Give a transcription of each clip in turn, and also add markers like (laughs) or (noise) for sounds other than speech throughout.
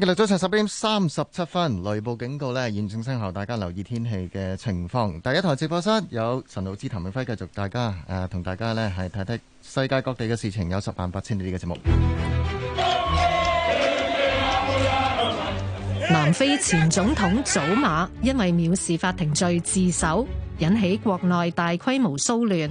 今日早上十點三十七分，雷暴警告咧，現正生效，大家留意天氣嘅情況。第一台直播室有陳老師、譚永輝，繼續大家誒同、呃、大家咧係睇睇世界各地嘅事情，有十萬八千里呢個節目。南非前總統祖馬因為藐視法庭罪自首，引起國內大規模騷亂。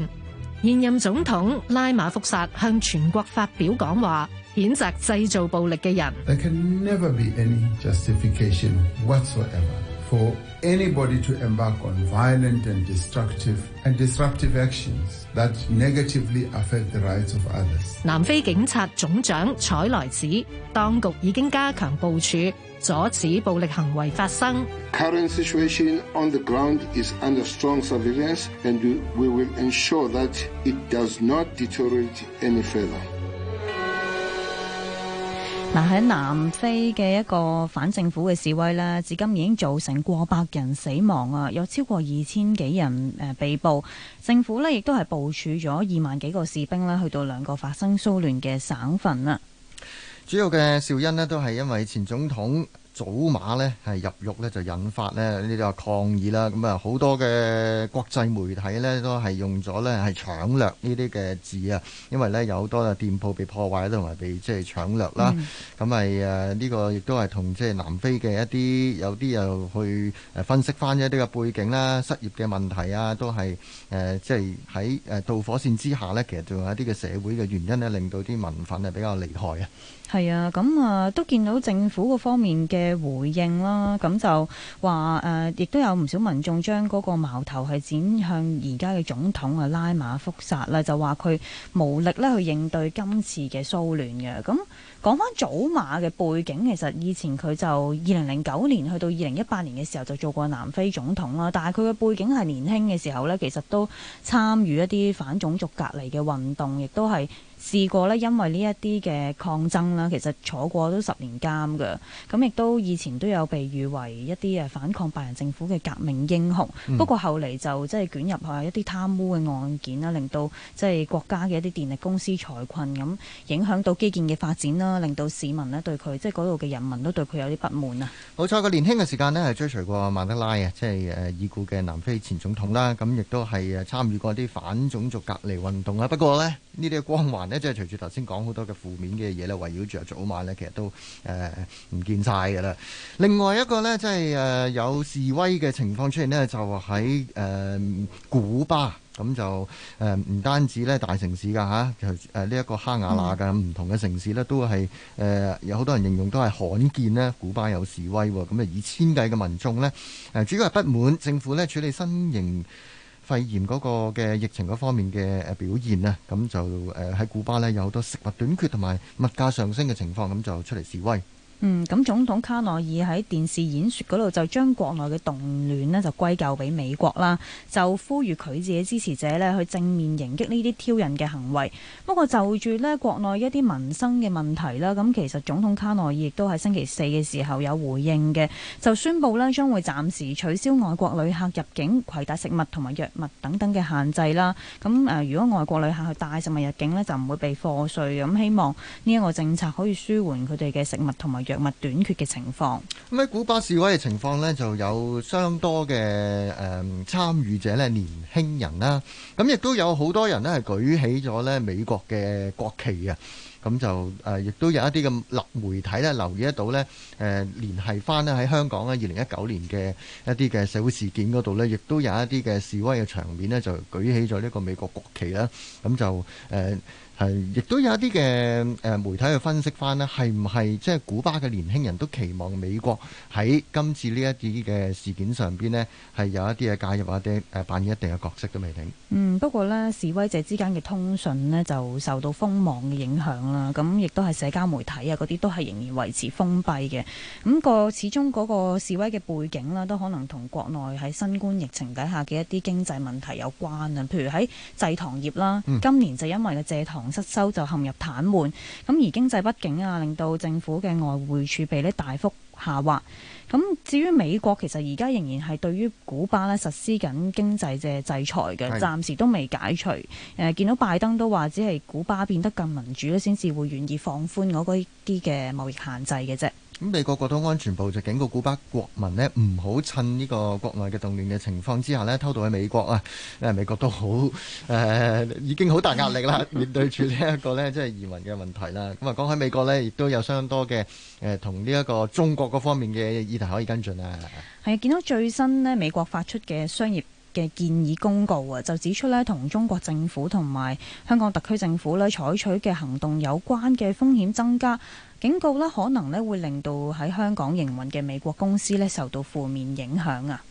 現任總統拉馬福薩向全國發表講話。譴責製造暴力嘅人。There can never be any justification whatsoever for anybody to embark on violent and destructive and disruptive actions that negatively affect the rights of others. 南非警察總長彩來指，當局已經加強部署，阻止暴力行為發生。The current situation on the ground is under strong surveillance and we will ensure that it does not deteriorate any further. 嗱喺南非嘅一個反政府嘅示威咧，至今已經造成過百人死亡啊，有超過二千幾人誒被捕。政府咧，亦都係部署咗二萬幾個士兵咧，去到兩個發生騷亂嘅省份啦。主要嘅肇因咧，都係因為前總統。祖馬呢係入獄呢，就引發呢呢啲話抗議啦，咁啊好多嘅國際媒體呢，都係用咗呢係搶掠呢啲嘅字啊，因為呢有好多嘅店鋪被破壞同埋被即係搶掠啦，咁咪呢個亦都係同即係南非嘅一啲有啲又去分析返一啲嘅背景啦，失業嘅問題啊，都係誒即係喺誒導火線之下呢。其實仲有一啲嘅社會嘅原因呢，令到啲民憤係比較厲害啊！係啊，咁啊都見到政府個方面嘅回應啦，咁就話誒，亦、呃、都有唔少民眾將嗰個矛頭係展向而家嘅總統啊拉馬福薩啦，就話佢無力咧去應對今次嘅騷亂嘅。咁講返祖馬嘅背景，其實以前佢就二零零九年去到二零一八年嘅時候就做過南非總統啦，但係佢嘅背景係年輕嘅時候呢，其實都參與一啲反種族隔離嘅運動，亦都係。試過呢，因為呢一啲嘅抗爭啦，其實坐過都十年監嘅，咁亦都以前都有被譽為一啲誒反抗白人政府嘅革命英雄。不過後嚟就即係捲入去一啲貪污嘅案件啦，令到即係國家嘅一啲電力公司財困，咁影響到基建嘅發展啦，令到市民呢對佢，即係嗰度嘅人民都對佢有啲不滿啊。好彩佢年輕嘅時間呢，係追隨過曼德拉啊，即係誒已故嘅南非前總統啦。咁亦都係誒參與過啲反種族隔離運動啊。不過呢，呢啲光環。呢即係隨住頭先講好多嘅負面嘅嘢咧，圍繞住啊，早晚咧其實都誒唔、呃、見晒㗎啦。另外一個咧，即係誒有示威嘅情況出現呢，就喺誒、呃、古巴。咁就誒唔、呃、單止咧大城市㗎吓，誒呢一個哈瓦那嘅唔同嘅城市呢，都係誒、呃、有好多人形容都係罕見呢，古巴有示威喎。咁啊以千計嘅民眾呢，誒、呃、主要係不滿政府呢處理新型。肺炎嗰個嘅疫情嗰方面嘅表現啊，咁就誒喺古巴呢，有好多食物短缺同埋物價上升嘅情況，咁就出嚟示威。嗯，咁總統卡內爾喺電視演説嗰度就將國內嘅動亂呢就歸咎俾美國啦，就呼籲佢自己支持者呢去正面迎擊呢啲挑釁嘅行為。不過就住呢國內一啲民生嘅問題啦，咁其實總統卡內爾亦都喺星期四嘅時候有回應嘅，就宣布呢將會暫時取消外國旅客入境攜帶食物同埋藥物等等嘅限制啦。咁誒，如果外國旅客去帶食物入境呢，就唔會被課稅。咁希望呢一個政策可以舒緩佢哋嘅食物同埋藥物短缺嘅情況，咁喺古巴示威嘅情況咧，就有相多嘅誒參與者咧，年輕人啦，咁、啊、亦都有好多人咧係舉起咗咧美國嘅國旗啊，咁就誒亦都有一啲嘅立媒體咧、啊、留意得到咧，誒聯繫返咧喺香港咧二零一九年嘅一啲嘅社會事件嗰度咧，亦、啊、都有一啲嘅示威嘅場面咧，就、啊、舉起咗呢個美國國旗啦，咁就誒。啊係，亦都有一啲嘅誒媒體去分析翻呢係唔係即係古巴嘅年輕人都期望美國喺今次呢一啲嘅事件上邊呢，係有一啲嘅介入或者扮演一定嘅角色都未定。嗯，不過呢，示威者之間嘅通訊呢，就受到封網嘅影響啦，咁亦都係社交媒體啊嗰啲都係仍然維持封閉嘅。咁、嗰個始終嗰個示威嘅背景啦，都可能同國內喺新冠疫情底下嘅一啲經濟問題有關啊。譬如喺製糖業啦、嗯，今年就因為個蔗糖失收就陷入癱瘓，咁而經濟不景啊，令到政府嘅外匯儲備咧大幅下滑。咁至於美國，其實而家仍然係對於古巴咧實施緊經濟嘅制裁嘅，暫時都未解除。誒，見到拜登都話，只係古巴變得更民主先至會願意放寬嗰啲嘅貿易限制嘅啫。咁美國國土安全部就警告古巴國民咧，唔好趁呢個國內嘅動亂嘅情況之下咧，偷渡去美國啊！誒，美國都好誒、呃，已經好大壓力啦， (laughs) 面對住呢一個咧，即係移民嘅問題啦。咁啊，講起美國呢，亦都有相當多嘅誒，同呢一個中國嗰方面嘅議題可以跟進啊。係啊，見到最新咧，美國發出嘅商業嘅建議公告啊，就指出咧，同中國政府同埋香港特區政府咧採取嘅行動有關嘅風險增加。警告咧，可能咧會令到喺香港營運嘅美國公司咧受到負面影響啊！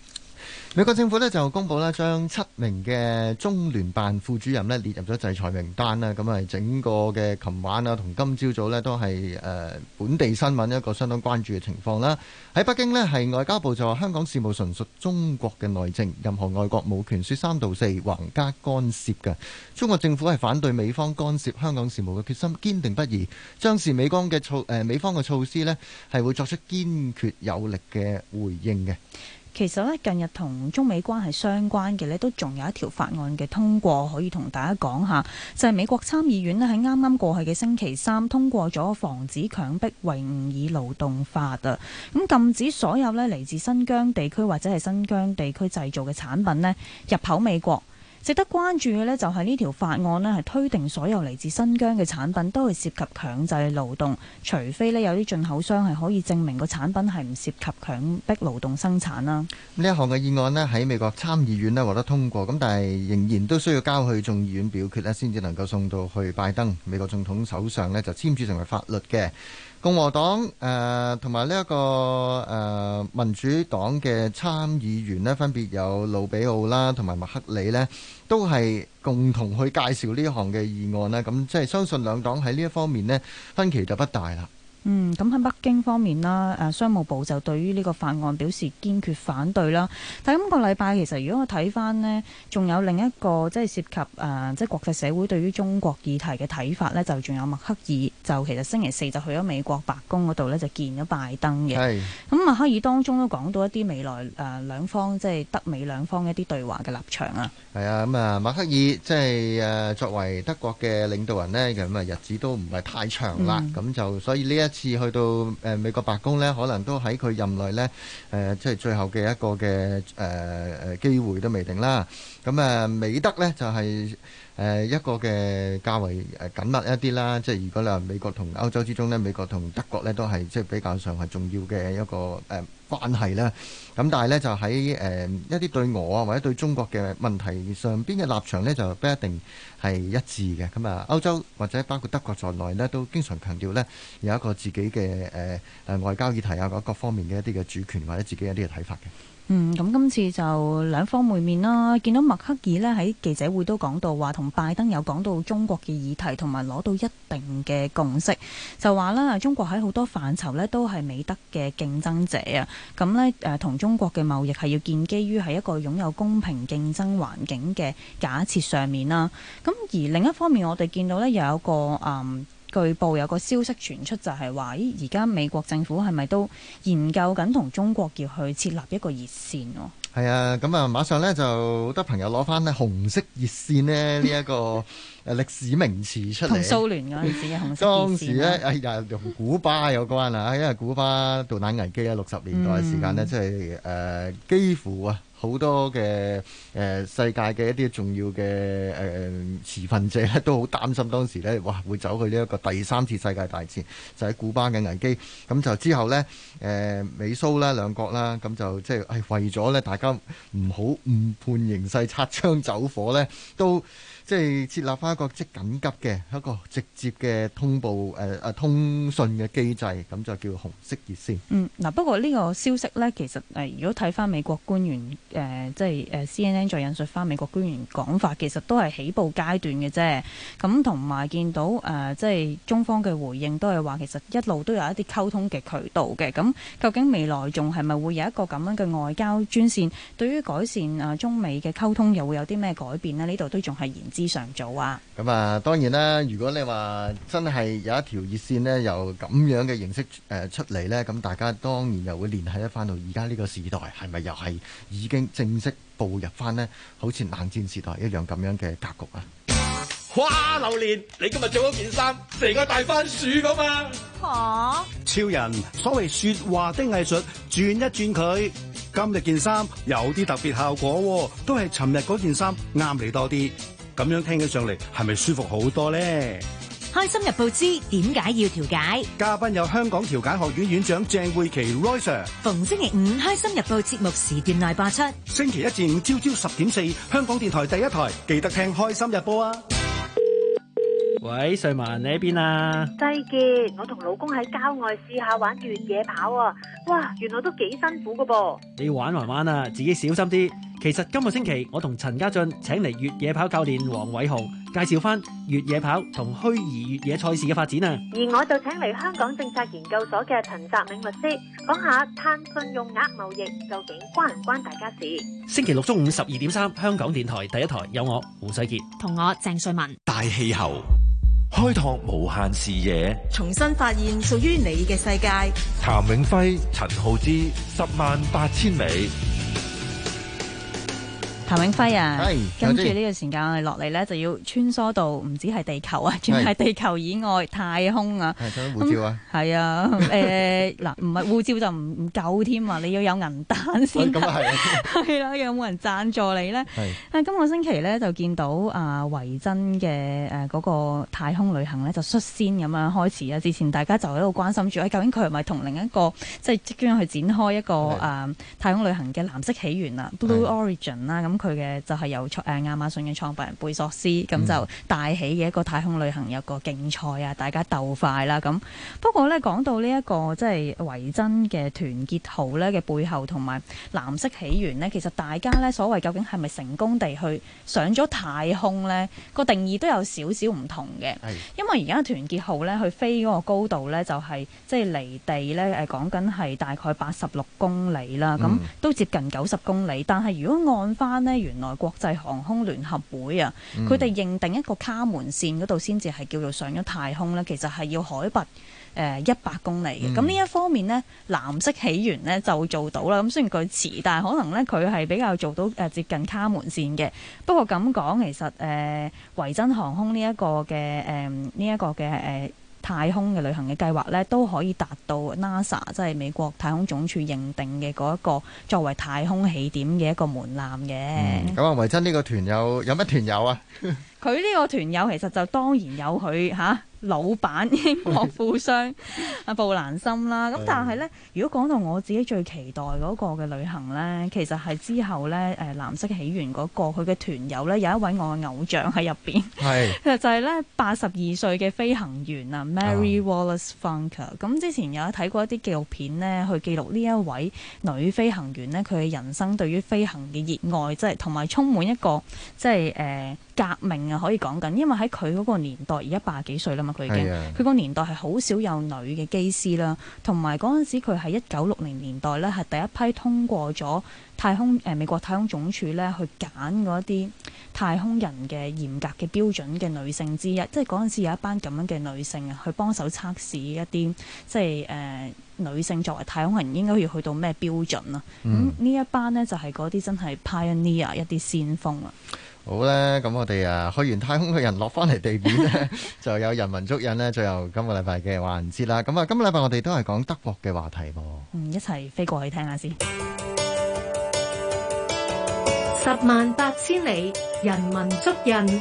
美國政府呢就公布啦，將七名嘅中聯辦副主任呢列入咗制裁名單啦。咁啊，整個嘅琴晚啦同今朝早呢都係誒本地新聞一個相當關注嘅情況啦。喺北京咧係外交部就話香港事務純屬中國嘅內政，任何外國冇權說三道四、橫加干涉嘅。中國政府係反對美方干涉香港事務嘅決心堅定不移，將視美，呃，美方嘅措誒美方嘅措施咧係會作出堅決有力嘅回應嘅。其實咧，近日同中美關係相關嘅呢都仲有一條法案嘅通過可以同大家講下，就係美國參議院咧喺啱啱過去嘅星期三通過咗防止強迫維吾爾勞動法啊，咁禁止所有呢嚟自新疆地區或者係新疆地區製造嘅產品呢入口美國。值得關注嘅咧，就係呢條法案咧，係推定所有嚟自新疆嘅產品都係涉及強制勞動，除非咧有啲進口商係可以證明個產品係唔涉及強迫勞動生產啦。呢一項嘅議案咧喺美國參議院咧獲得通過，咁但係仍然都需要交去眾議院表決咧，先至能夠送到去拜登美國總統手上咧，就簽署成為法律嘅。共和黨誒同埋呢一個誒、呃、民主黨嘅參議員呢，分別有盧比奧啦同埋麥克里呢，都係共同去介紹呢項嘅議案咧。咁即係相信兩黨喺呢一方面呢，分歧就不大啦。嗯，咁喺北京方面啦，誒商務部就對於呢個法案表示堅決反對啦。但係今個禮拜其實如果我睇翻咧，仲有另一個即係涉及誒、呃、即係國際社會對於中國議題嘅睇法咧，就仲有默克爾，就其實星期四就去咗美國白宮嗰度咧，就見咗拜登嘅。係。咁默克爾當中都講到一啲未來誒兩、呃、方即係、就是、德美兩方一啲對話嘅立場啊。係、就是、啊，咁啊默克爾即係誒作為德國嘅領導人咧，咁啊日子都唔係太長啦，咁、嗯、就所以呢一。次去到誒美國白宮咧，可能都喺佢任內咧誒，即係最後嘅一個嘅誒誒機會都未定啦。咁誒，美德咧就係，誒一個嘅較為誒緊密一啲啦，即係如果話美國同歐洲之中咧，美國同德國咧都係即係比較上係重要嘅一個誒關係啦。咁但係咧就喺誒一啲對俄啊或者對中國嘅問題上邊嘅立場咧就不一定係一致嘅。咁啊，歐洲或者包括德國在內咧都經常強調咧有一個自己嘅誒誒外交議題啊，各各方面嘅一啲嘅主權或者自己一啲嘅睇法嘅。嗯，咁今次就兩方會面啦。見到默克爾呢喺記者會都講到話，同拜登有講到中國嘅議題，同埋攞到一定嘅共識，就話啦，中國喺好多範疇呢都係美德嘅競爭者啊。咁呢，誒，同中國嘅貿易係要建基於喺一個擁有公平競爭環境嘅假設上面啦。咁而另一方面，我哋見到呢，又有個誒。據報有個消息傳出，就係話，而家美國政府係咪都研究緊同中國要去設立一個熱線？係啊，咁啊，那就馬上咧就好多朋友攞翻呢紅色熱線呢，呢一個歷史名詞出嚟，同 (laughs) 蘇聯嗰陣時嘅紅色熱線咧 (laughs) 當時呢，又 (laughs) 同古巴有關啊，因為古巴導彈危機咧，啊，六十年代嘅時間呢，即係誒幾乎啊。好多嘅誒、呃、世界嘅一啲重要嘅誒、呃、持份者咧，都好擔心當時咧，哇！會走去呢一個第三次世界大戰，就喺、是、古巴嘅危機。咁就之後咧，誒、呃、美蘇啦兩國啦，咁就即係係為咗咧，大家唔好誤判形勢，擦槍走火咧，都。即係設立翻一個即緊急嘅一個直接嘅通報誒誒、呃、通訊嘅機制，咁就叫紅色熱線。嗯，嗱不過呢個消息呢，其實誒如果睇翻美國官員誒、呃、即係誒 CNN 再引述翻美國官員講法，其實都係起步階段嘅啫。咁同埋見到誒、呃、即係中方嘅回應都係話，其實一路都有一啲溝通嘅渠道嘅。咁究竟未來仲係咪會有一個咁樣嘅外交專線，對於改善誒、啊、中美嘅溝通又會有啲咩改變呢？呢度都仲係延。之上做啊！咁啊，當然啦。如果你話真係有一條熱線咧，由咁樣嘅形式出嚟咧，咁、呃、大家當然又會聯繫一翻到而家呢個時代，係咪又係已經正式步入翻咧？好似冷戰時代一樣咁樣嘅格局啊！嘩，榴蓮，你今日做咗件衫，成個大番薯咁啊！吓！超人，所謂說話的藝術，轉一轉佢。今日件衫有啲特別效果、啊，都係尋日嗰件衫啱你多啲。咁樣聽起上嚟，係咪舒服好多咧？開心日報知點解要調解？嘉賓有香港調解學院院長鄭慧琪 Rosa。逢星期五開心日報節目時段內播出。星期一至五朝朝十點四，香港電台第一台，記得聽開心日報啊！喂，瑞文你喺邊啊？細傑，我同老公喺郊外試下玩越野跑啊！哇，原來都幾辛苦噶噃！你要玩慢慢啊，自己小心啲。其實今個星期我同陳家俊請嚟越野跑教練黃偉雄介紹翻越野跑同虛擬越野賽事嘅發展啊，而我就請嚟香港政策研究所嘅陳澤明律師講下碳信用額貿易究竟關唔關大家事？星期六中午十二點三，香港電台第一台有我胡世杰同我鄭瑞文，大氣候開拓無限視野，重新發現屬於你嘅世界。譚永輝、陳浩之，十萬八千里。譚永輝啊，係跟住呢個時間我哋落嚟咧，就要穿梭到唔止係地球啊，仲、hey. 係地球以外太空啊，係、hey. 護、嗯 hey. 照啊，嗯、啊，誒嗱唔係護照就唔唔夠添啊，你要有銀彈先得，係、hey. 啦、 (laughs) 啊，有冇人贊助你咧？係、hey. 啊、今個星期咧，就見到阿維、啊、珍嘅，誒嗰個太空旅行咧，就率先咁樣開始啊，之前大家就喺度關心住，誒、哎、究竟佢係咪同另一個即係即將去展開一個誒、hey. 啊、太空旅行嘅藍色起源啦、啊、，Blue Origin 啦、hey. 咁、啊。佢嘅就係由誒亞馬遜嘅創辦人貝索斯咁就帶起嘅一個太空旅行，有個競賽啊，大家鬥快啦。咁不過咧，講到呢、這、一個即係維珍嘅團結號咧嘅背後同埋藍色起源咧，其實大家咧所謂究竟係咪成功地去上咗太空咧，那個定義都有少少唔同嘅。係，因為而家團結號咧去飛嗰個高度咧，就係即係離地咧誒講緊係大概八十六公里啦，咁都接近九十公里。但係如果按翻原來國際航空聯合會啊，佢哋認定一個卡門線嗰度先至係叫做上咗太空咧。其實係要海拔誒一百公里嘅。咁、嗯、呢一方面呢，藍色起源呢就做到啦。咁雖然佢遲，但係可能呢，佢係比較做到誒接近卡門線嘅。不過咁講，其實誒、呃、維珍航空呢、這、一個嘅誒呢一個嘅誒。呃太空嘅旅行嘅計劃咧，都可以達到 NASA 即係美國太空總署認定嘅嗰一個作為太空起點嘅一個門檻嘅。咁啊、嗯，維珍呢個團友有乜團友啊？佢 (laughs) 呢個團友其實就當然有佢嚇。啊老闆英國富商布蘭森啦，咁但係呢，如果講到我自己最期待嗰個嘅旅行呢，其實係之後呢，誒、呃、藍色起源嗰、那個佢嘅團友呢，有一位我嘅偶像喺入邊，係 (laughs) 就係呢八十二歲嘅飛行員啊 (laughs) Mary Wallace f u n k e r 咁、oh. 之前有睇過一啲紀錄片呢，去記錄呢一位女飛行員呢，佢嘅人生對於飛行嘅熱愛，即係同埋充滿一個即係誒革命啊，可以講緊，因為喺佢嗰個年代而家八幾歲啦嘛。佢嘅，佢個年代係好少有女嘅機師啦，同埋嗰陣時佢係一九六零年代咧，係第一批通過咗太空誒、呃、美國太空總署咧去揀嗰一啲太空人嘅嚴格嘅標準嘅女性之一，即係嗰陣時有一班咁樣嘅女性啊，去幫手測試一啲即係誒女性作為太空人應該要去到咩標準啦。咁、嗯、呢、嗯、一班呢，就係嗰啲真係 pioneer 一啲先鋒啦。好啦，咁我哋啊去完太空嘅人落翻嚟地面咧，就有人文足印咧。最後今個禮拜嘅環節啦，咁啊，今個禮拜我哋都係講德國嘅話題喎。嗯，一齊飛過去聽下先。十萬八千里人文足印。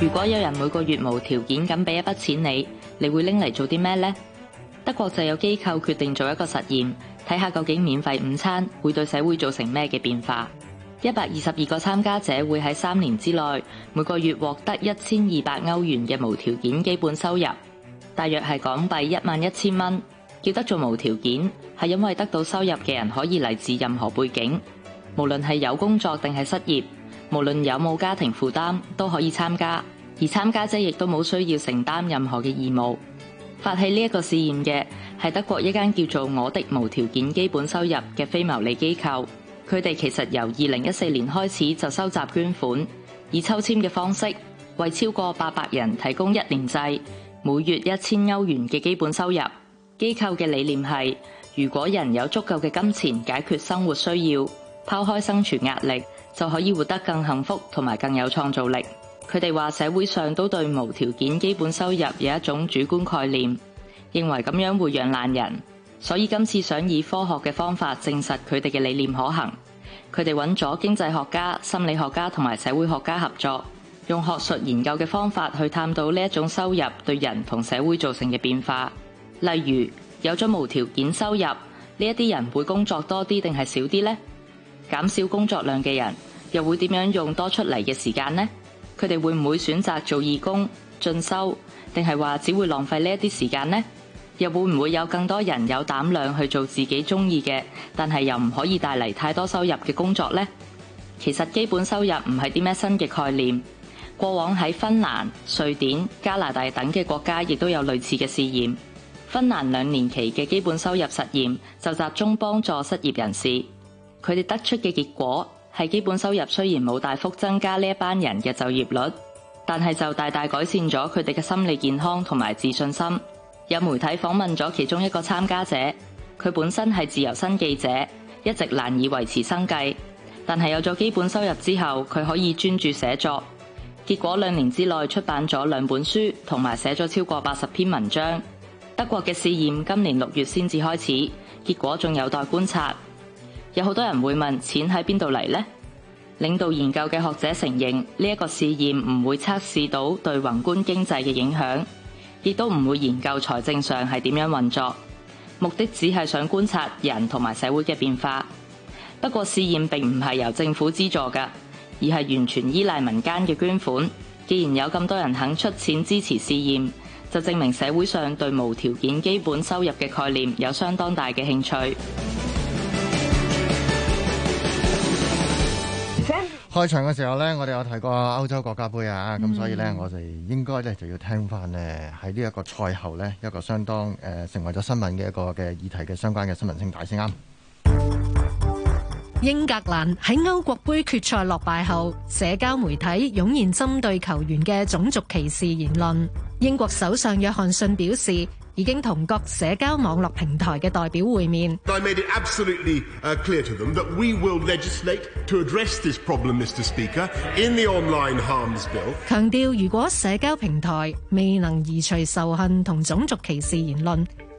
如果有人每個月無條件咁俾一筆錢你，你會拎嚟做啲咩呢？德國就有機構決定做一個實驗，睇下究竟免費午餐會對社會造成咩嘅變化。一百二十二個參加者會喺三年之內每個月獲得一千二百歐元嘅無條件基本收入，大約係港幣一萬一千蚊。叫得做無條件，係因為得到收入嘅人可以嚟自任何背景，無論係有工作定係失業，無論有冇家庭負擔都可以參加。而參加者亦都冇需要承擔任何嘅義務。發起呢一個試驗嘅係德國一間叫做我的無條件基本收入嘅非牟利機構。佢哋其實由二零一四年開始就收集捐款，以抽籤嘅方式為超過八百人提供一年制每月一千歐元嘅基本收入。機構嘅理念係，如果人有足夠嘅金錢解決生活需要，拋開生存壓力就可以活得更幸福同埋更有創造力。佢哋話社會上都對無條件基本收入有一種主觀概念，認為咁樣會養懶人。所以今次想以科學嘅方法證實佢哋嘅理念可行，佢哋揾咗經濟學家、心理學家同埋社會學家合作，用學術研究嘅方法去探討呢一種收入對人同社會造成嘅變化。例如，有咗無條件收入呢一啲人會工作多啲定係少啲呢？減少工作量嘅人又會點樣用多出嚟嘅時間呢？佢哋會唔會選擇做義工、進修，定係話只會浪費呢一啲時間呢？又會唔會有更多人有膽量去做自己中意嘅，但係又唔可以帶嚟太多收入嘅工作呢？其實基本收入唔係啲咩新嘅概念，過往喺芬蘭、瑞典、加拿大等嘅國家亦都有類似嘅試驗。芬蘭兩年期嘅基本收入實驗就集中幫助失業人士，佢哋得出嘅結果係基本收入雖然冇大幅增加呢一班人嘅就業率，但係就大大改善咗佢哋嘅心理健康同埋自信心。有媒體訪問咗其中一個參加者，佢本身係自由身記者，一直難以維持生計。但係有咗基本收入之後，佢可以專注寫作。結果兩年之內出版咗兩本書，同埋寫咗超過八十篇文章。德國嘅試驗今年六月先至開始，結果仲有待觀察。有好多人會問：「錢喺邊度嚟呢？」領導研究嘅學者承認呢一個試驗唔會測試到對宏觀經濟嘅影響。亦都唔會研究財政上係點樣運作，目的只係想觀察人同埋社會嘅變化。不過試驗並唔係由政府資助㗎，而係完全依賴民間嘅捐款。既然有咁多人肯出錢支持試驗，就證明社會上對無條件基本收入嘅概念有相當大嘅興趣。開場嘅時候咧，我哋有提過歐洲國家杯啊，咁所以咧，我哋應該咧就要聽翻咧喺呢一個賽後咧一個相當誒成為咗新聞嘅一個嘅議題嘅相關嘅新聞聲帶先啱。英格蘭喺歐國盃決賽落敗後，社交媒體湧現針對球員嘅種族歧視言論。英國首相約翰遜表示。已經同各社交網絡平台嘅代表會面，強調如果社交平台未能移除仇恨同種族歧視言論。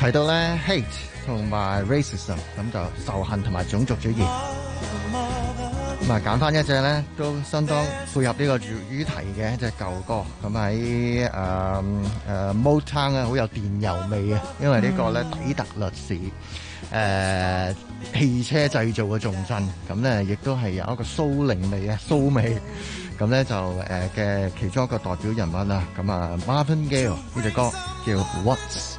提到咧 hate 同埋 racism，咁就仇恨同埋種族主義。咁啊，揀 (noise) 翻樂一隻咧都相當配合呢個主主題嘅一隻舊歌。咁喺誒 Motown 咧，好、嗯嗯、有電油味嘅。因為個呢個咧 (music) 底特律市誒、呃、汽車製造嘅重鎮。咁咧亦都係有一個蘇靈味嘅蘇味。咁咧就誒嘅、呃、其中一個代表人物啦。咁啊，Marvin Gaye 呢隻、 (music) 這個、歌叫 What